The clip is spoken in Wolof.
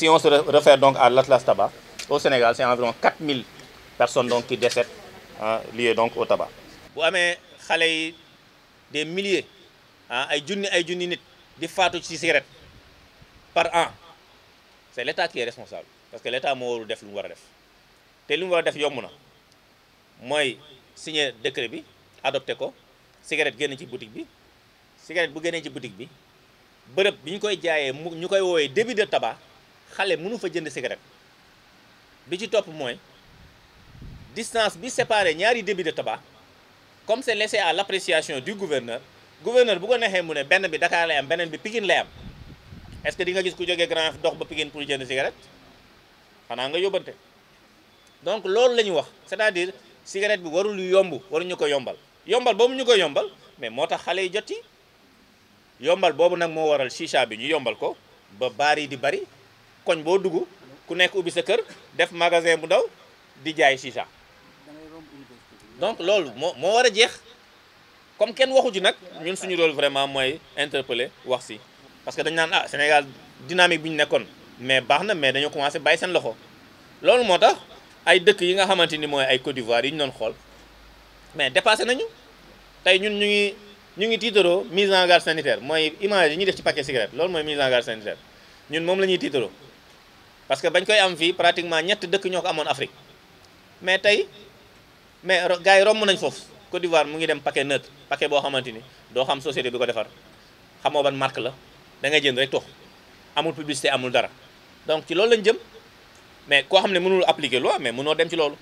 Si on se réfère donc à l'Atlas Tabac, au Sénégal, c'est environ 4000 personnes donc qui décèdent hein, donc au tabac. bu amee xale yi des milliers ay junni ay junni nit di faatu ci cigarette par an c'est l'État qui est responsable parce que l'État moo warul def lu mu war a def te li mu war def yomb na mooy signer décret bi adopté ko cigarette génn ci boutique bi cigarette bu génnee ci boutique bi bërëb bi ñu koy jaayee ñu koy woowee débit de tabac. xale mënu fa jënd cigarette bi ci topp mooy distance bi séparé ñaari débit de tabac comme c'est laissé à l'appréciation du gouverneur gouverneur bu ko neexee mu ne benn bi Dakar lay am beneen bi Pikine lay am est-ce que di nga gis ku jógee Grand Yoff dox ba Pikine pour jënd cigarette xanaa nga yóbbante donc loolu la ñu wax c'est-à-dire cigarette bi warul yomb waruñu ko yombal yombal boobu ñu ko yombal mais moo tax xale yi jot yi yombal boobu nag moo waral chicha bi ñu yombal ko ba baar di bari koñ boo dugg ku nekk ubbi sa kër def magasin bu ndaw di jaay si chicha donc loolu moo moo war a jeex comme kenn waxu ji nag ñun suñu rôle vraiment mooy interpeller wax si parce que dañ naan ah Sénégal dynamique bi ñu nekkoon mais baax na mais dañoo commencé bàyyi seen loxo loolu moo tax ay dëkk yi nga xamante ni mooy ay Côte d'Ivoire yi ñu doon xool mais dépassé nañu tey ñun ñu ngi ñu ngi tiitaroo mise en garde sanitaire mooy image yi ñuy def ci paquet cigarette loolu mooy mise en garde la ñuy tiitaroo parce que bañ koy am fii pratiquement ñett dëkk ñoo ko amoon Afrique mais tey mais gars yi romb nañ foofu Côte d'Ivoire mu ngi dem paquet neutre paquet boo xamante ni doo xam société bi ko defar xamoo ban marque la dangay ngay jënd rek tox amul publicité amul dara donc ci loolu lañ jëm mais koo xam ne mënul appliquer loi mais mënoo dem ci loolu